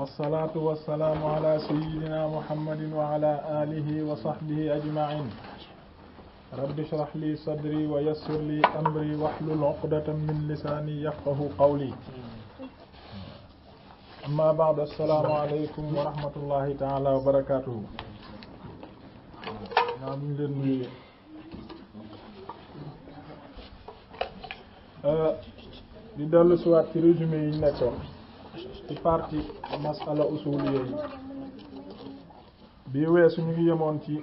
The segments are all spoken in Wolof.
والصلاة والسلام على سيدنا محمد وعلى آله وصحبه أجمعين رب شرح لي صدري ويسر لي أمري وحل العقدة من لساني يفقه قولي أما بعد السلام عليكم ورحمة الله تعالى وبركاته نعم، آه، di dellu si waat ci rejume yi nekkone ci partie masala usuliya yi bii weesu ñu ngi yemoon ci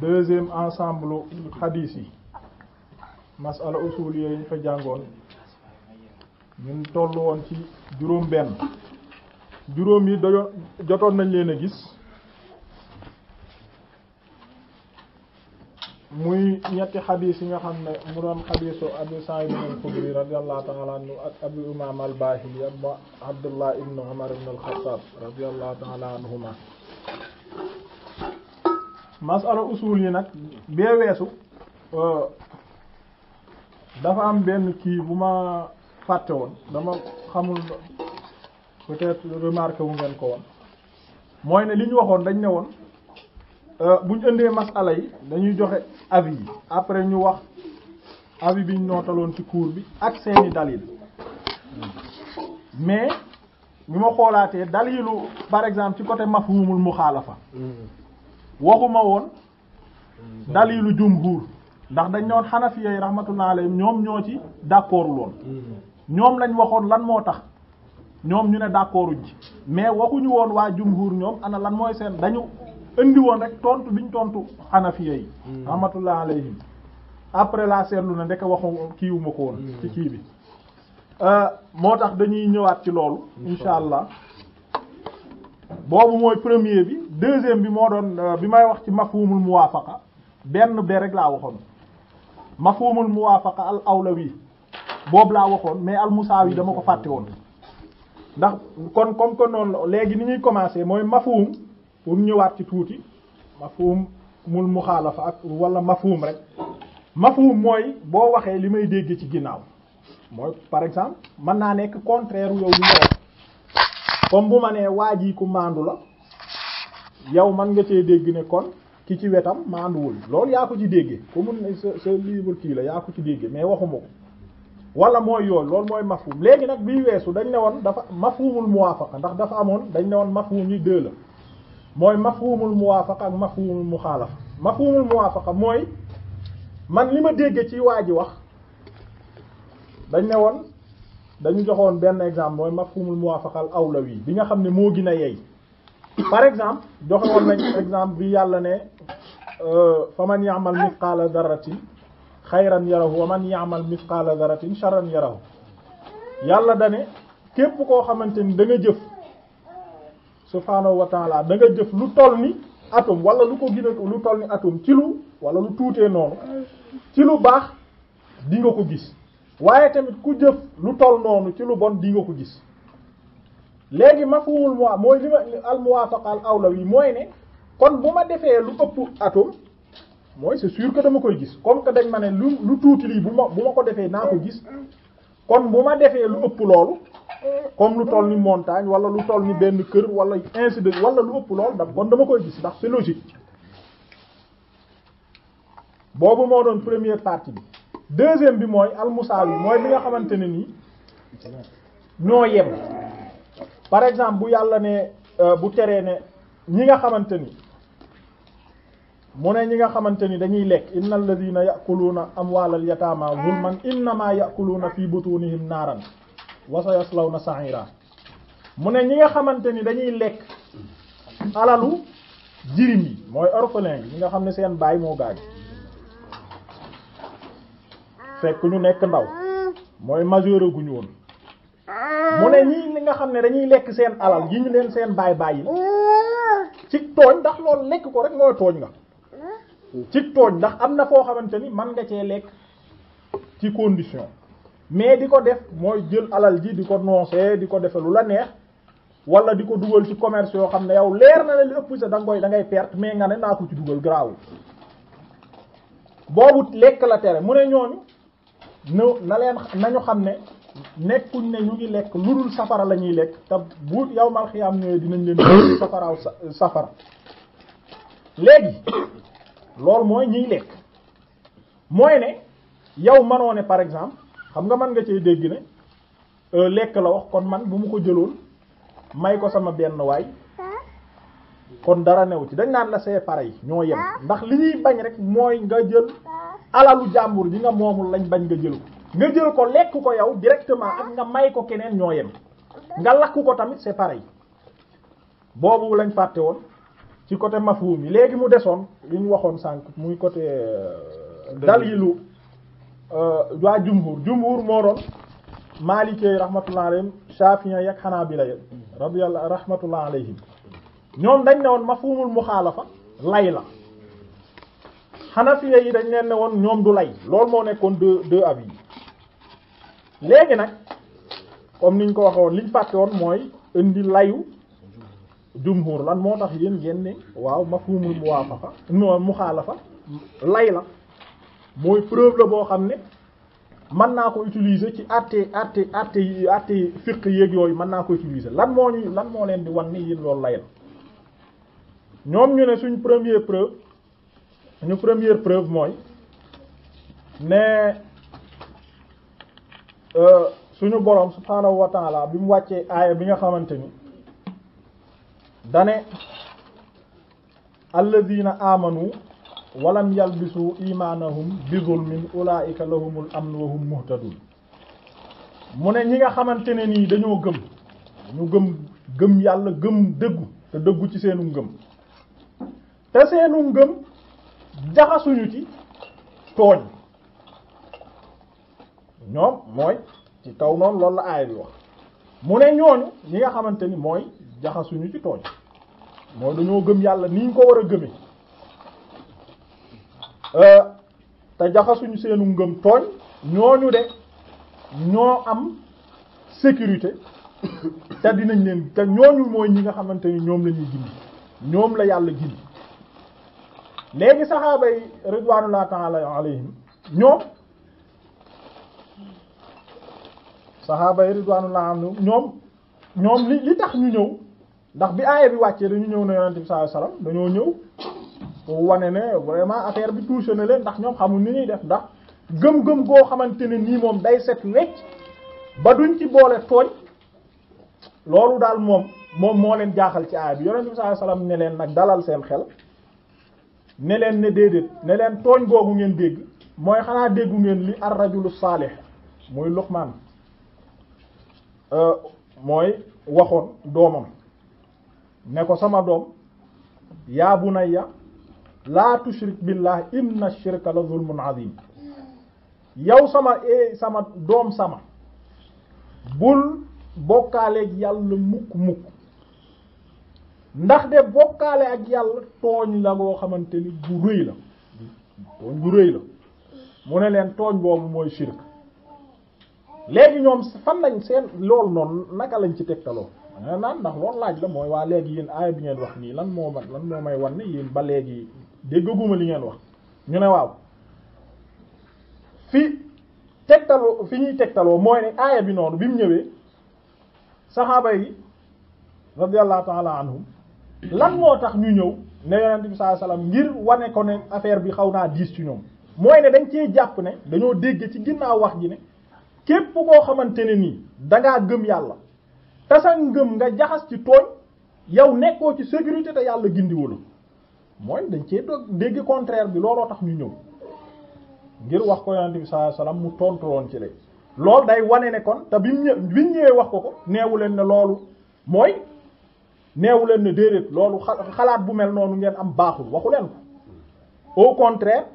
deuxième ensemble xadiis yi masala usuliya yi ñu fa jàngoon ñun toll woon ci juróom benn juróom yi dajoon jotoon nañ leen a gis muy ñetti hadith yi nga xamne mu doon hadithu Abu Sa'id al-Khudri radiyallahu ta'ala anhu ak Abu umam al-Bahili ak Abdullah ibn Umar ibn al-Khattab radiyallahu ta'ala anhuma masala usul yi nag bee weesu dafa am ben ki buma faté won dama xamul peut-être remarqué wu ngeen ko won moy ne liñ waxon dañ ne Euh, bu ñu indee masala yi dañuy joxe avis yi après ñu wax avis bi ñu nootaloon ci kuur bi ak seeni dalil mais ñu ma xoolaatee dalilu par exemple ci côté mafhumul muxaalafa waxuma woon dalilu jumhur ndax dañ doon xanafiya yi naa alayhim ñoom ñoo ci d'accord loon ñoom lañ waxoon lan moo tax ñoom ñu ne d'accorduñ ci mais waxuñu woon waa jumhur ñoom ana lan mooy seen dañu indi woon rek tontu biñ tontu xanafiya yi hmm. rahmatullah alayhim après laa seetlu na ndek waxu kiiwuma ko woon hmm. ci kii bi euh, moo tax dañuy ñëwaat ci loolu insha allah boobu mooy premier bi deuxième bi moo doon euh, bi may wax ci mafhumul muwaafaqa benn be rek laa waxoon mafhumul muwaafaqa al awlawi boobu laa waxoon mais al musaawi dama ko fàtte woon ndax kon comme que noonu léegi ni ñuy commencer mooy mafhum pour ñëwaat ci tuuti mafhum mul muxaalafa ak wala mafhum rek mafhum mooy boo waxee li may dégg ci ginnaaw mooy par exemple mën naa nekk contraire yow li nga wax comme bu ma nee waa ji ku maandu la yow man nga cee dégg ne kon ki ci wetam maanduwul loolu yaa ko ci déggee ku mun ne sa sa livre kii la yaa ko ci déggee mais waxuma ko wala mooy yooyu loolu mooy mafhum léegi nag biy weesu dañ ne woon dafa mafhumul muwaafaqa ndax dafa amoon dañ ne woon mafhum yi la. moy mafhumul muwafaqa ak mafhumul mukhalafa mafhumul muwafaqa moy man lima dege ci waji wax dañ newon dañu joxone ben exemple moy mafhumul muwaafaqa al awlawi bi nga xamne mo gina gën yey par exemple joxe woon nañ exemple bi yàlla ne euh faman ya'mal mithqala dharratin khayran yarahu wa man ya'mal mithqala dharratin sharran yarahu yàlla dane kep ko xamanteni da nga jëf subhanahu wa taala nga jëf lu toll ni atum wala lu ko gën a lu tol ni atum ci lu wala lu tuutee noonu ci lu baax di ko gis waaye tamit ku jëf lu toll noonu ci lu bon di ko gis léegi mafhumul mu mooy li ma al muwafaqa al mooy ne kon bu ma defee lu ëpp atum mooy c'est sûr que dama koy gis comme que dañ ma ne lu lu tuuti lii bu ma bu ma ko defee naa ko gis kon bu ma defee lu ëpp loolu comme lu toll ni montagne wala lu toll ni benn kër wala ainsi de wala lu ëpp lool ndax bon dama koy gis ndax c' est logique boobu moo doon première partie bi deuxième bi mooy al musawi mooy bi nga xamante ne nii ñoo yem par exemple bu yàlla ne euh, bu teree ne ñi nga xamante ni mu ne ñi nga xamante ni dañuy lekk inna alladina yakuluuna amwaal al yatama zulman innama yakuluuna fi butunihim naaran wa sayaslawna sa'ira mu ne ñi nga xamante ni dañuy lekk alalu jirim yi mooy orphelin yi nga xam ne seen baay moo gaañ fekk ñu nekk ndaw mooy majeur gu ñu mu ne ñi li nga xam ne dañuy lekk seen alal yi ñu leen seen baay bàyyi ci tooñ ndax loolu lekk ko rek mooy tooñ nga ci tooñ ndax am na foo xamante ni man nga cee lekk ci condition mais di ko def mooy jël alal ji di ko noosee di ko defe lu la neex wala di ko dugal ci commerce yoo xam ne yow leer na la li ëpp sa da perte mais nga ne naa ko ci dugal garaawul boobu lekk la tere mu ne ñooñu na na leen nañu xam ne nekkuñ ne ñu ngi lekk lu dul safara la ñuy lekk te bu yow mal xiyaam ñëwee dinañ leen safaraaw safara léegi loolu mooy ñiy lekk mooy ne yow mënoo ne par exemple xam nga man nga cee dégg ne euh, lekk la wax kon man bu mu ko jëloon may ko sama benn waay kon dara new ci dañ naan la c'est pareil ñoo yem ndax li ñuy bañ rek mooy nga jël alalu jàmbur ji nga moomul lañ bañ nga jël ko nga jël ko lekk ko yow directement ak nga may ko keneen ñoo yem nga lakk ko tamit c'est pareil boobu lañ fàtte woon ci côté mafhum yi léegi mu desoon li ñu waxoon sànq muy côté euh, dalilu Euh, waa jumhur jumhur moo doon Maliki rahmatullah alayhim xanaa yak Hanabila radiyallahu rahmatullah alayhim ñoom dañ ne woon mafhumul muxaalafa lay la Hanafiya yi dañ leen ne woon ñoom du lay lool moo nekkoon deux deux avis yi léegi nag comme niñ ko waxe woon liñ fàtte woon mooy indi layu jumhur lan moo tax yéen ngeen waaw mafhumul muwaafaqa no muxaalafa lay la mooy preuve la boo xam ne mën naa ko utiliser ci àtte àtte àtte yi àtte fiq yéeg yooyu mën naa ko utiliser lan moo ñu lan moo leen di wan nii yéen loolu layal ñoom ñu ne suñ premier preuve ñu première preuve mooy ne euh, suñu borom subhaanahu wa taala bi mu wàccee aaya bi nga xamante ni dane alladina amanu walam yalbisu imaanahum bi zulmin ulaa'ika lahumul amn wa hum muhtadun mu ne ñi nga xamante ne nii dañoo gëm ñu gëm gëm yàlla gëm dëggu te dëggu ci seenu ngëm te seenu ngëm jaxasuñu ci tooñ ñoom mooy ci kaw noonu loolu la aaya bi wax mu ne ñooñu ñi nga xamante ni mooy jaxasuñu ci tooñ mooy dañoo gëm yàlla ni ñu ko war a gëmee te jaxasuñu seenu ngëm tooñ ñooñu de ñoo am sécurité te dinañ leen te ñooñu mooy ñi nga xamante ni ñoom lañuy ñuy gindi ñoom la yàlla gindi léegi saxaaba yi ridwaanullah ta'ala alayhim ñoom saxaaba yi ridwaanullah anhum ñoom ñoom li li tax ñu ñëw ndax bi aaya bi wàccee dañu ñëw na yonente bi sallallahu alayhi dañoo ñëw wane ne vraiment affaire bi touché na leen ndax ñoom xamul ni ñuy def ndax gëm-gëm goo xamante ne nii moom day set wecc ba duñ ci boole tooñ loolu daal moom moom moo leen jaaxal ci aaya bi yonent bi sallallahu alayhi ne leen nag dalal seen xel ne leen ne déedéet ne leen tooñ googu ngeen dégg mooy xanaa déggu ngeen li ar rajulu saalih muy Luqman euh, mooy waxoon doomam ne ko sama doom yaa ya laa tushrik billah inna shirka la zulmun azim yow sama eh sama doom sama bul bokkaaleeg yàlla mukk mukk ndax de bokkaale ak yàlla tooñ la goo xamante ni bu rëy la tooñ rëy la mu ne leen tooñ boobu mooy shirk léegi ñoom fan lañ seen loolu noonu naka lañ ci tegtaloo naan ndax loolu laaj la mooy waa léegi yéen aaya bi ngeen wax nii lan moo lan moo may wan ne yéen ba léegi déggaguma li ngeen wax ñu ne waaw fi tegtaloo fi ñuy tegtaloo mooy ne aaya bi noonu bi mu ñëwee saxaaba yi radiyallahu ta'ala anhum lan moo tax ñu ñëw ne yonent bi sallallahu alayhi wasallam ngir wane ko ne affaire bi xaw naa diis ci ñoom mooy ne dañ cee jàpp ne dañoo dégg ci ginnaaw wax ji ne képp koo xamante ne nii dangaa gëm yàlla te gëm nga jaxas ci tooñ yow nekkoo ci sécurité te yàlla gindiwul mooy dañ cee dog dégg contraire bi looloo tax ñu ñëw ngir wax ko yonent bi sallallahu alayhi mu tontu woon ci léegi loolu day wane ne kon te bi mu ñëw bi ñëwee wax ko ko neewu leen ne loolu mooy neewu leen ne déedéet loolu xalaat bu mel noonu ngeen am baaxul waxu leen ko au contraire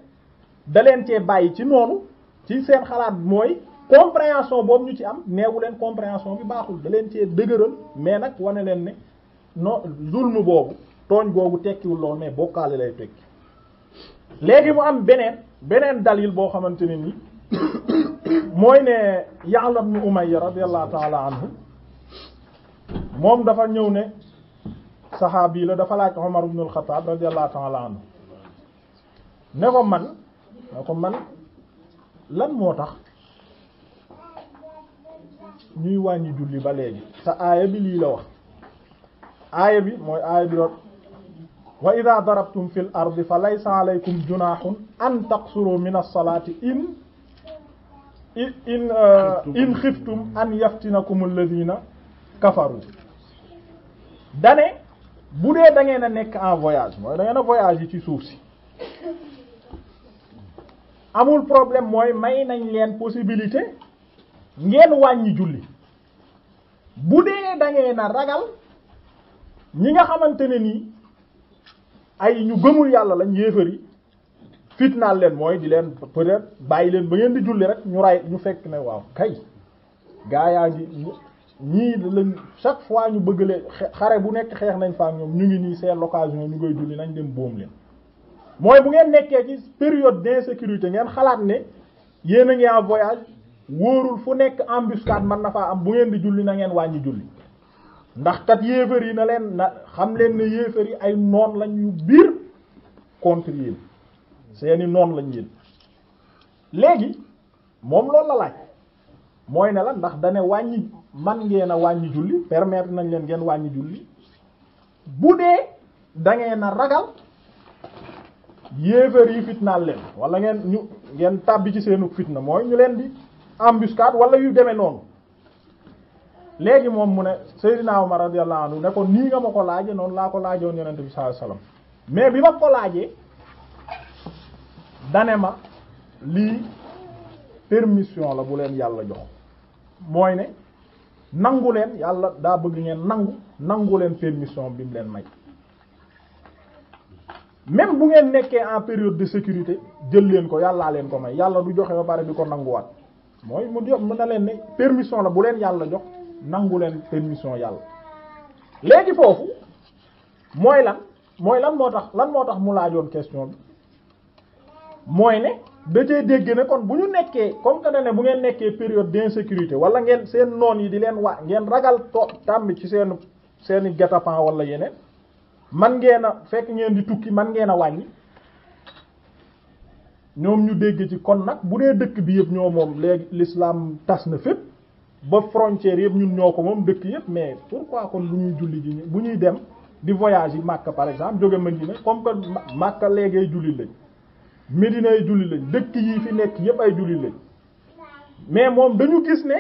da leen cee bàyyi ci noonu ci seen xalaat mooy compréhension boobu ñu ci am neewu leen compréhension bi baaxul da leen cee dëgërël mais nag wane leen ne non zulm boobu tooñ googu tekkiwul lool mais bokkaale lay tekki léegi mu am beneen beneen dalil boo xamante ne ni mooy ne Ya'la ibn Umayya radiyallahu anhu moom dafa ñëw ne saxaabi la dafa laaj Umar ibn al-Khattab radiyallahu ta'ala anhu ne ko man ne ko man lan moo tax ñuy wàññi julli ba léegi te aaya bi lii la wax aaya bi mooy aaya bi doon واذا ضربتم في الارض فليس عليكم جناح ان تقصروا من الصلاه ان ان آه، خفتم ان يفتنكم الذين كفروا داني بودي داغينا نيك ان فواياج موي داغينا فواياج تي سوفسي امول بروبليم موي ماي نان لين بوسيبيليتي نين واني جولي بودي داغينا راغال نيغا خامتيني ay ñu gëmul yàlla lañ yéefar yi fitnaal leen mooy di leen peut-être bàyyi leen ba ngeen di julli rek ñu ray ñu fekk ne waaw kay gaa yaa ngi ñii lañ chaque fois ñu bëgg leen xare bu nekk xeex nañ fa ñoom ñu ngi nii seen l'occasion ñu koy julli nañ dem boom leen mooy bu ngeen nekkee ci période d'insécurité ngeen xalaat ne yéen a ngi en voyage wóorul fu nekk embuscade man na faa am bu ngeen di julli na ngeen wàññi julli ndax kat yéfer yi na len na xam len ne yéfer yi ay non lañ yu bir contre yi seeni non lañ yéen légui mom lool la laaj moy na la ndax dane wañi man ngeena wañi julli permettre nañ len ngeen wañi julli boudé da ragal yéfer yi fitna len wala ngeen ñu ngeen tabbi ci seenu fitna moy ñu len di embuscade wala yu démé non. léegi moom mu ne Seydina Omar radiyallahu anhu ne ko nii nga ma ko laajee noonu laa ko laajoon yonent bi sallallahu alayhi wasallam mais bi ma ko laajee dane ma lii permission la bu leen yàlla jox mooy ne nangu leen yàlla daa bëgg ngeen nangu nangu leen permission bi mu leen may même bu ngeen nekkee en période de sécurité jël leen ko yàllaa leen ko may yàlla du joxe ba pare di ko nanguwaat mooy mu jox mën na leen ne permission la bu leen yàlla jox nangu leen permission yàlla léegi foofu mooy lan mooy lan moo tax lan moo tax mu laajoon question bi mooy ne da dégg ne kon bu ñu nekkee comme que ne bu ngeen nekkee période d'insécurité wala ngeen seen noon yi di leen waa ngeen ragal to tàmbi ci seen seeni guet-apens wala yeneen man ngeen a fekk ngeen di tukki man ngeen a wàññi ñoom ñu dégg ci kon nag bu dee dëkk bi yëpp ñoo moom léegi lislaam tas na fépp ba frontière yëpp ñun ñoo ko moom dëkk yëpp mais pourquoi kon lu ñuy julli ji bu ñuy dem di voyage yi màkk par exemple jóge Medina comme que Makka léegi ay julli lañ Medina ay julli lañ dëkk yi fi nekk yëpp ay julli lañ mais moom dañu gis ne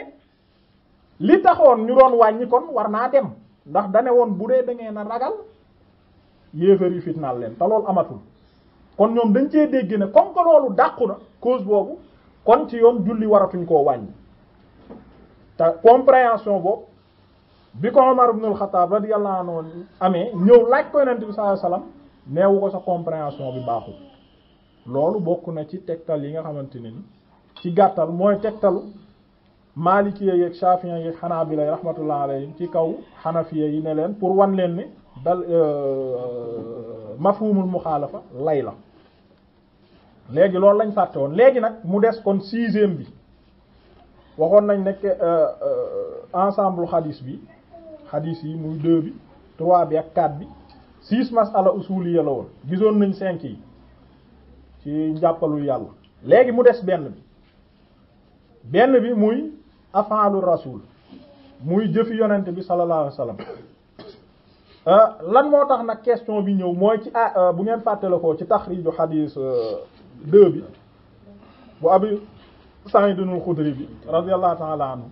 li taxoon ñu doon wàññi kon war naa dem ndax dane woon bu dee da ngeen a ragal yéefar yi fitnaal leen te loolu amatul kon ñoom dañ cee dégg ne comme que loolu dàqu na cause boobu kon ci yoon julli waratuñ koo wàññi. te compréhension boobu bi ko Omar ibn al-Khattab radiyallahu anhu amee ñëw laaj ko yonent bi sallallahu alayhi wasallam neewu ko sa compréhension bi baaxul loolu bokk na ci tegtal yi nga xamante ne ni ci gàttal mooy tegtalu Maalikiyya yeeg Shafi'iyya yeeg Hanabila yi rahmatullah alayhim ci kaw Hanafiyya yi ne leen pour wan leen ni dal euh, mafhumul muxaalafa lay la léegi loolu lañ fàtte woon léegi nag mu des kon sixième bi waxoon nañ nekk euh, euh, ensemble xadis bi xadis yi muy deux bi trois bi ak quatre bi six masala usuliya la woon gisoon nañ cinq yi ci njàppalul yàlla léegi mu des benn bi benn bi muy afaalu rasuul muy jëfi yonent bi sallallahu alayhi wasallam euh, lan moo tax nag question bi ñëw mooy ci ah, bu ngeen fàttale ko ci taxriju xadis deux bi bu abi Saïdul Xudri bi radiyallahu ta'ala anhu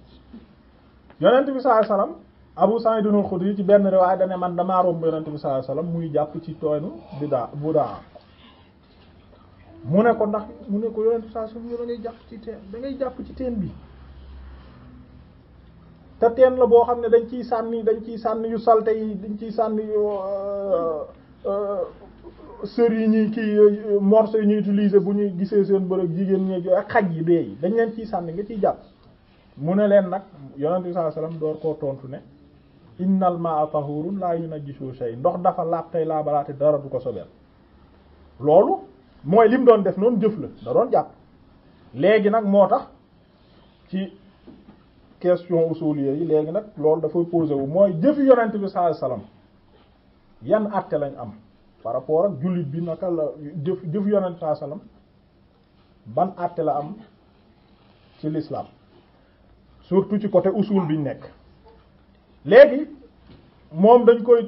yonent bi sallallahu alayhi wasallam Abu Saïdul Xudri ci benn riwaay dane man dama romb yonent bi sallallahu alayhi muy jàpp ci toonu Budaa Budaa mu ne ko ndax mu ne ko yonent bi sallallahu alayhi wasallam da ngay ci teen da jàpp ci teen bi te teen la boo xam ne dañ ciy sànni dañ ciy sànni yu salte yi dañ ciy sànni yu euh, euh, sër yi ñuy kii morceau yi ñuy utiliser bu ñuy gisee seen bërëb jigéen ñi ak xaj yi dee yi dañ leen ciy sànni nga ciy jàpp mu ne leen nag yonent bi sallallahu alayhi wasallam tontu ne innal ma'a tahurun la yunajjisu shay ndox dafa laab tey laabalaate dara du ko sobeel loolu mooy lim doon def noonu jëf la da doon jàpp léegi nag moo tax ci question usuliyya yi léegi nag loolu dafay posé wu mooy jëfi yonent bi sallallahu yan àtte lañ am par rapport ak jullit bi naka la jëf jëf ban àtte la am ci l'islam surtout ci côté usul biñ nek légui mom dañ koy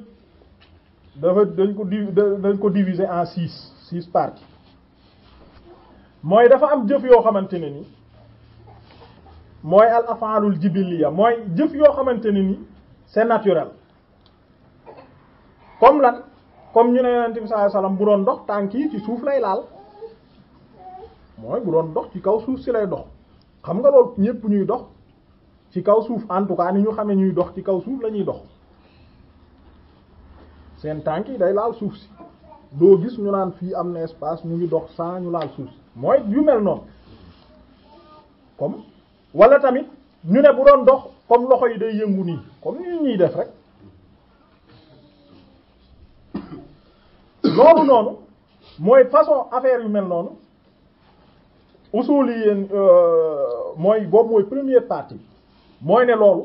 dafa dañ ko dañ ko diviser en six six parties moy dafa am jëf yo xamante ni moy al af'alul jibiliya moy jëf yo xamante ni c'est naturel comme lan comme ñu ne yonent bi sallallahu bu doon dox tànk yi ci suuf lay laal mooy bu doon dox ci kaw suuf si lay dox xam nga loolu ñépp ñuy dox ci kaw suuf en tout cas ni ñu xamee ñuy dox ci kaw suuf lañuy dox seen tànk yi day laal suuf si doo gis ñu naan fii am na espace ñu ngi dox sans ñu laal suuf si mooy yu mel noonu comme wala tamit ñu ne bu doon dox comme loxo yi day yëngu nii comme ni ñuy def rek loolu noonu mooy façon affaire yu mel noonu usul yi euh, mooy boobu mooy première partie mooy ne loolu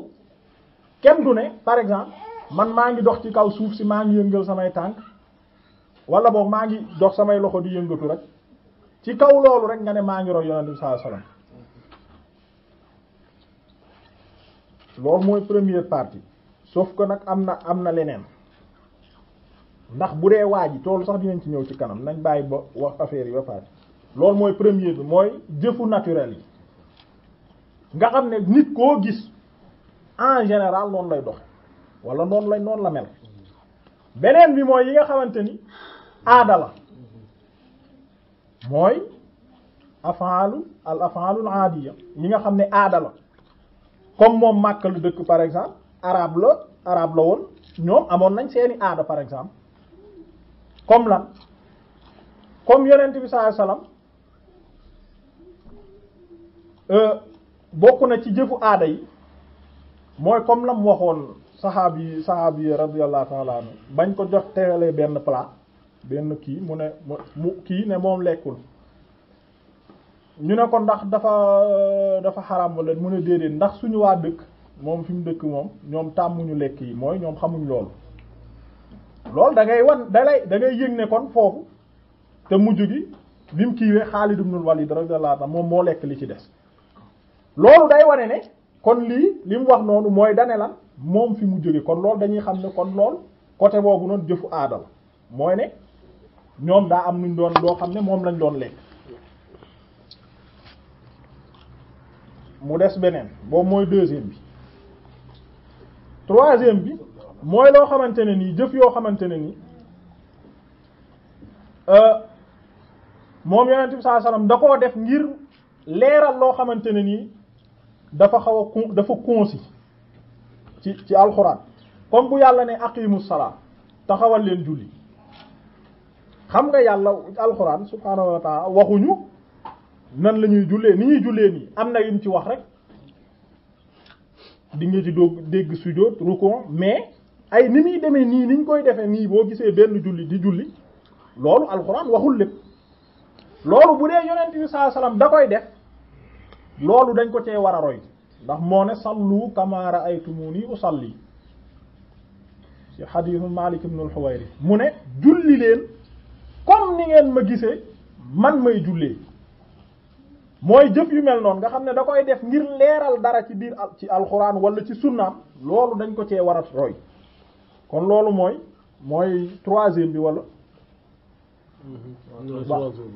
kenn du ne par exemple man maa ngi dox ci kaw suuf si maa ngi yëngal samay tànk wala boog maa ngi dox samay loxo di yëngatu rek ci kaw loolu rek nga ne maa ngi roy yonent bi sallallahu alayhi loolu mooy première partie sauf que nag am na am na leneen ndax bu waji waa sax dinañ ci ñëw ci kanam nañ bàyyi ba wax affaire yi ba pare lool moy premier bi mooy jëfu naturel yi nga xamné nit ko gis en général non lay dox wala non lay non la mel benen bi moy yi nga xamanteni adala moy la mooy afaalu al afaalul aadiya yi nga xamné adala comme mom Makka deuk par exemple arabe la arabe la won ñom amon nañ seeni ada par exemple comme lan comme yonent bi sallallahu alayhi euh, bokk na ci jëfu aada yi mooy comme lam waxoon saxaab yi saxaab yi radiyallahu ta'ala anhu bañ ko jox teelee benn plat benn kii mu ne mu kii ne moom lekkul ñu ne ko ndax dafa dafa xaram wala mu ne déedéet ndax suñu waa dëkk moom fi mu dëkk moom ñoom tàmmuñu lekk yi mooy ñoom xamuñu loolu loolu da ngay wan da lay da ngay yëg ne kon foofu te mujj gi bi mu kiiwee Xaalid ibn Walid radiyallahu anhu moom moo lekk li ci des loolu day wane ne kon lii li mu wax noonu mooy dane la moom fi mu jóge kon loolu dañuy xam ne kon lool côté boobu noonu jëfu aada mooy ne ñoom daa am nuñ doon loo xam ne moom lañ doon lekk mu des beneen boobu mooy deuxième bi troisième bi moy lo xamantene ni nii jëf yoo xamante ne nii euh, moom yonent bi def ngir leral lo xamantene teneni, dafa xawa dafa konsi ci ci alquran comme bu yalla ne aqimus sala taxawal len julli xam nga yalla alquran subhanahu wa taala waxuñu nan lañuy julle ni ñuy julle ni amna yim ci wax rek di nga ci deg rukon mais ay ni muy demee nii niñ koy defee nii boo gisee benn julli di julli loolu alxuraan waxul lépp loolu bu dee yonent bi saa da koy def loolu dañ ko cee war a roy ndax moo ne sallu kamaa ra'aytumuni usalli ci xadiisu Maalik ibn al mu ne julli leen comme ni ngeen ma gisee man may jullee mooy jëf yu mel noonu nga xam ne da koy def ngir leeral dara ci biir ci alxuraan wala ci sunnaam loolu dañ ko cee war a roy kon loolu mooy mooy troisième bi wala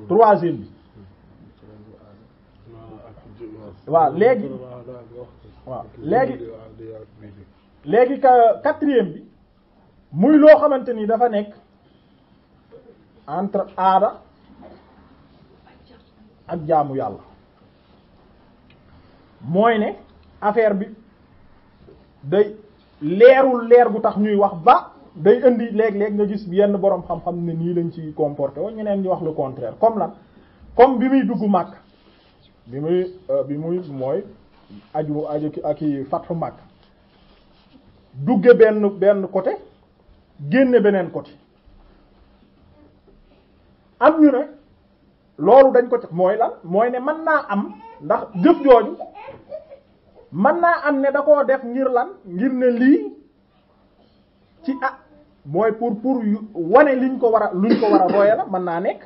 troisième bi waaw léegi waaw léegi léegi quatrième bi muy loo xamante ni dafa nekk entre aada ak jaamu yàlla mooy ne affaire bi day leerul leer bu tax ñuy wax ba day indi léeg-léeg nga gis yenn borom xam-xam ne nii lañ ci comporté wa ñeneen ñu wax le contraire comme la comme bi muy dugg màkk bi muy euh, bi muy mooy aju aju ak i fatxu màkk dugge benn benn côté génne beneen côté am ñu ne loolu dañ ko mooy la mooy ne man naa am ndax jëf jooju man naa am ne da koo def ngir lan ngir ne lii ci ah mooy pour pour yu wane liñ ko war a luñ ko war a roye la man naa nekk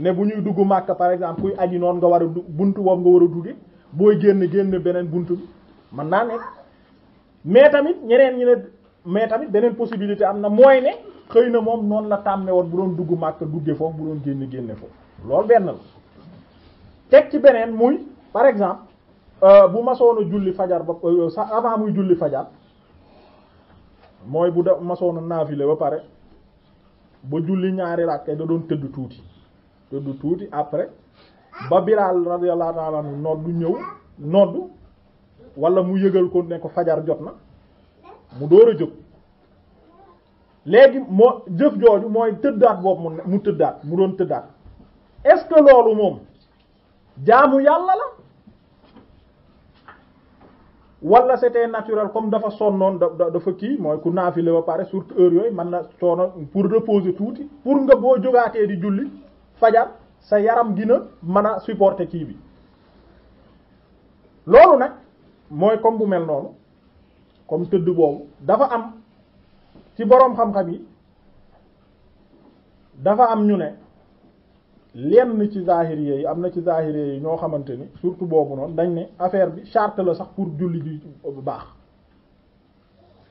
ne bu ñuy dugg màkk par exemple kuy aji noonu nga war a du buntu boobu nga war a dugge booy génn génn beneen bunt bi mën naa nekk mais tamit ñeneen ñi ne mais tamit beneen possibilité am na mooy ne xëy na moom noonu la tàmme woon bu doon dugg màkk duggee foofu bu doon génn génne foofu loolu benn la teg ci beneen muy par exemple Euh, bu masoon a julli fajar ba euh, sax muy julli fajar mooy bu da masoon a ba pare ba julli ñaari rakkay da doon tëdd tuuti tëdd tuuti après ba Bilaal radiyallahu ta'ala anhu noddu ñëw noddu wala mu yëgal ko ne ko fajar jot na mu door a jóg léegi moo jëf jooju mooy tëddaat boobu mu tëddaat mu doon tëddaat est-ce que loolu moom jaamu yàlla la wala c'était naturel comme dafa sonnoon da dafa kii mooy ku naafile ba pare surtout heure yooyu man na soono pour reposer tuuti pour nga boo jógaatee di julli fajar sa yaram gina mën a supporter kii bi loolu nag mooy comme bu mel noonu comme tëdd boobu dafa am ci boroom xam-xam yi dafa am ñu ne lenn ci zahiriya yi am na ci zahiriya yi ñoo xamante ni surtout boobu noonu dañ ne affaire bi charte la sax pour julli ji bu baax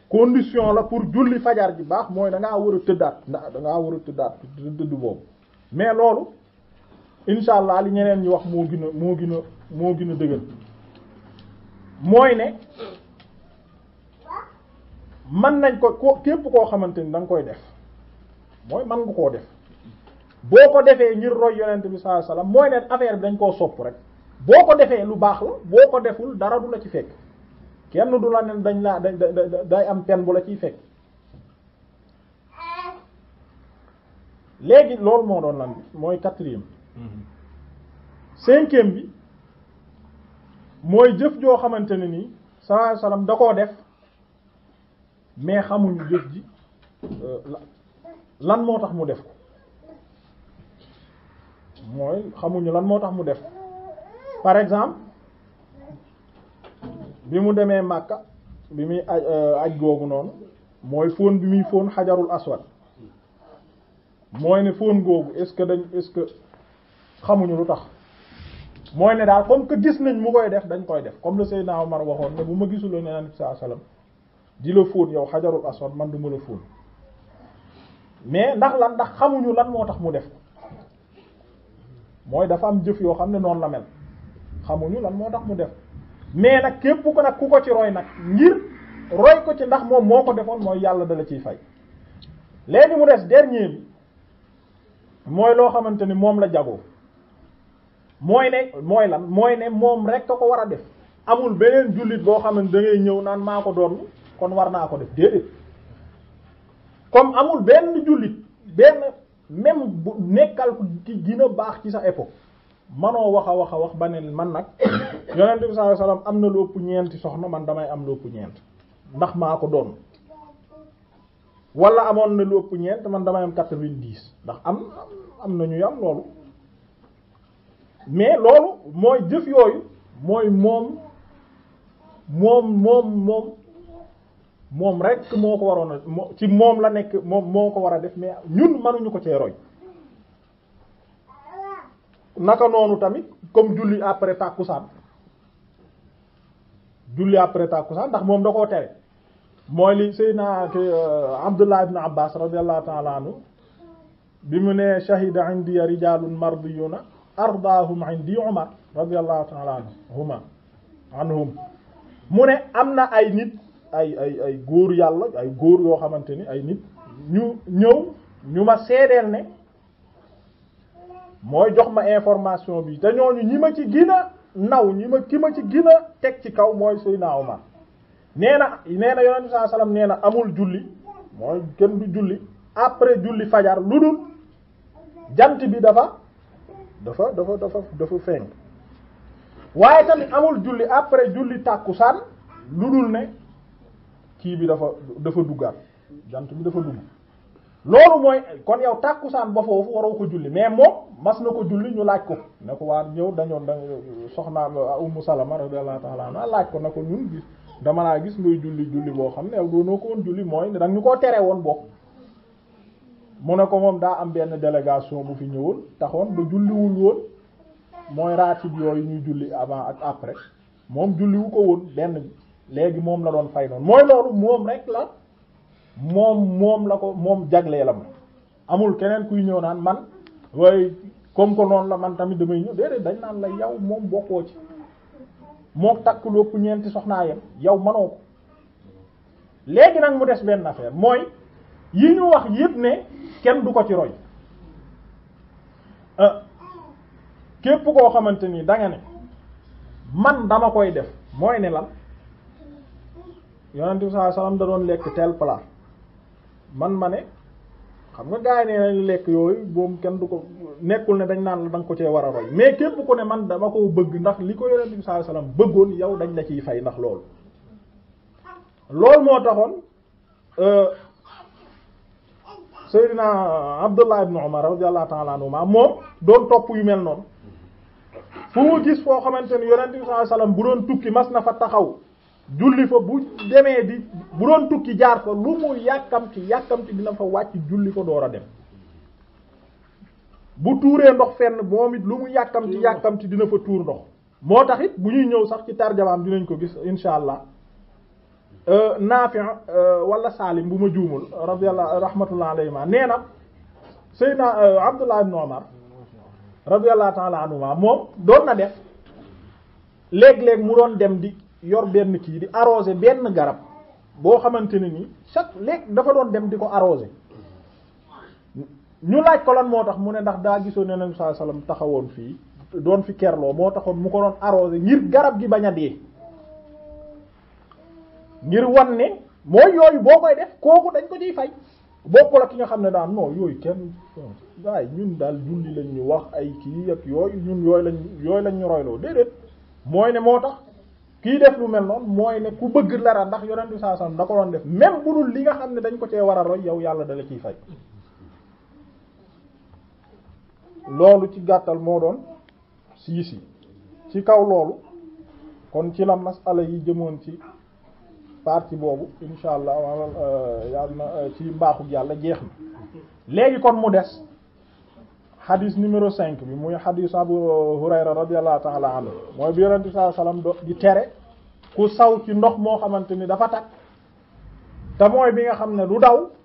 condition la pour julli fajar bi baax mooy da war a tëddaat ndax da ngaa war a tëddaat tëdd boobu mais loolu incha allah li ñeneen ñi wax moo gin a moo gën a moo gën a dëgër mooy ne man nañ ko ko képp koo xamante ni da koy def mooy mën nga koo def. boo ko defee ngir roy yonent bi sallallahu alayhi mooy neen affaire bi dañ koo sopp rek boo ko defee lu baax la boo ko deful dara du la ci fekk kenn du la nen dañ laa day am pen bu la ciy fekk léegi loolu moo doon lan bi mooy quatrième cinquième bi mooy jëf joo xamante ne nii sallallahu alayhi da koo def mais xamuñu jëf ji euh, lan moo tax mu def ko mooy xamuñu lan moo tax mu def par exemple bi mu demee Makka bi muy aj euh, aj googu noonu mooy fóon bi muy fóon xajarul aswad mooy ne fóon googu est-ce que dañ est-ce que xamuñu lu tax mooy ne daal comme que gis nañ mu koy def dañ koy def comme le Seydina Omar waxoon ne bu ma gisul ne naan saa salaam di la fóon yow xajarul aswad man du ma la fóon mais ndax lan ndax xamuñu lan moo tax mu def mooy dafa am jëf yoo xam ne noonu la mel xamuñu lan moo tax mu def mais nag képp ko nag ku ko ci roy nag ngir roy ko ci ndax moom moo ko defoon mooy yàlla dala ciy fay léegi mu des dernier bi mooy loo xamante ni moom la jagoo mooy ne mooy lan mooy ne moom rek a ko war a def amul beneen jullit boo xam ne da ñëw naan maa ko doon kon war naa ko def déedéet comme amul benn jullit benn même bu nekkal ci gina baax ci sa époque manoo wax a wax a wax ba man nag yonent bi sallallahu alayhi am na lu ëpp ñeenti soxna man damay am lu ñeent ndax maa ko doon walla amoon na lu ëpp ñeent man damay am quatre-vingt-dix ndax am am na ñu yam loolu mais loolu mooy jëf yooyu mooy moom moom moom moom moom rek moo ko waroon ci moom la nekk moom moo ko war a def mais ñun mënuñu ko cee roy naka noonu tamit comme julli après tàkkusaan julli après tàkkusaan ndax moom da koo tere mooy li Seydina euh, Abdullah ibn Abbas radiyallahu ta'ala anhu bi mu ne shahida indi rijalun mardiyuna ardaahum indi Umar radiyallahu ta'ala anhuma mu ne am na ay nit ay ay ay góor yàlla ay góor yoo xamante ni ay nit ñu ñëw ñu ma seedeel ne mooy jox ma information bi te ñooñu ñi ma ci gina naw ñi ma ki ma ci gina teg ci kaw mooy Seydina Omar nee na nee na yonent bi sallallahu nee na amul julli mooy kenn du julli après julli fajar lu dul jant bi dafa dafa dafa dafa dafa feeñ waaye tamit amul julli après julli tàkkusaan lu dul ne kii bi dafa dafa duggaat jant bi dafa dugg loolu mooy kon yaw tàkkusaan ba foofu waroo ko julli mais moom mas na ko julli ñu laaj ko ne ko waa ñëw dañoon da soxna uh, Ummu Salama radiyallahu ta'ala anha laaj ko na ko ñun gis dama naa gis ngay julli julli boo xam ne yow doonoo ko woon julli mooy danga ñu koo tere woon bokk mu ne ko moom daa am benn délégation bu fi ñëwoon taxoon ba julliwul woon mooy raatib yooyu ñuy julli avant ak après moom julliwu ko woon benn léegi moom la doon fay noonu mooy loolu moom rek la moom moom la ko moom jagleelam amul keneen kuy ñëw naan man waaye comme que noonu la man tamit damay ñëw déedéet dañ naan la yow moom bokkoo ci moo takk lu ëpp ñeenti soxnaa yem yow manoo ko léegi nag mu des benn affaire mooy yi ñu wax yépp ne kenn du ko ci roy euh, képp koo xamante ni da ne man dama koy def mooy ne lan yonent bi sallallahu alayhi wasallam da doon lekk tel plat man ma ne xam nga gars yi nee lekk yooyu boobu kenn du ko nekkul ne dañ naan la da ko cee war a roy mais képp ko ne man dama koo bëgg ndax li ko yonent bi sallallahu alayhi wasallam bëggoon yow dañ la ciy fay ndax loolu loolu moo taxoon euh, Seydina Abdullah ibn Umar radiyallahu ta'ala anhuma moom doon topp yu mel noonu fu mu gis foo xamante ni yonent bi sallallahu alayhi bu doon tukki mas na fa taxaw julli fa bu demee di bu doon tukki jaar fa lu mu yàkkamti yàkkamti dina fa wàcc julli ko door a dem bu tuuree ndox fenn moom it lu mu yàkkamti yàkkamti dina fa tuur ndox moo tax it bu ñuy ñëw sax ci tarjamaam dinañ ko gis insha allah euh, Naafi euh, wala Salim bu ma juumul radiyallahu rahmatullah alayhima nee na Seydina euh, Abdullah ibn Umar radiyallahu ta'ala anhuma moom doon na def léeg-léeg mu doon dem di yor benn kii di arroser benn garab boo xamante ne ni chaque lekk dafa doon dem di ko arroser ñu laaj ko lan moo tax mu ne ndax daa gisoo ne nabi sallallahu alayhi wasallam taxawoon fii doon fi kerloo moo taxoon mu ko doon arroser ngir garab gi bañ a dee ngir wan ne mooy yooyu boo koy def kooku dañ ko ciy fay bokkul ak ki nga xam ne daan non yooyu kenn waaye ñun daal julli lañ ñu wax ay kii ak yooyu ñun yooyu lañ yooyu lañ ñu royloo déedéet mooy ne moo tax kii def lu mel noonu mooy ne ku bëgg dara ndax yonent bi saa da ko doon def même bu dul li nga xam ne dañ ko cee war a roy yow yàlla dala ciy fay loolu ci gàttal moo doon siisi ci kaw loolu kon ci la masala yi jëmoon ci partie boobu insha allah euh, yàlla na euh, ci mbaaxu yàlla jeex na léegi kon mu des xadis numéro cinq bi muy xadis Abu Hurayra radiyallahu ta'ala anhu mooy bi yonente saa sallam dox di tere ku saw ci ndox moo xamante ni dafa takk te mooy bi nga xam ne du daw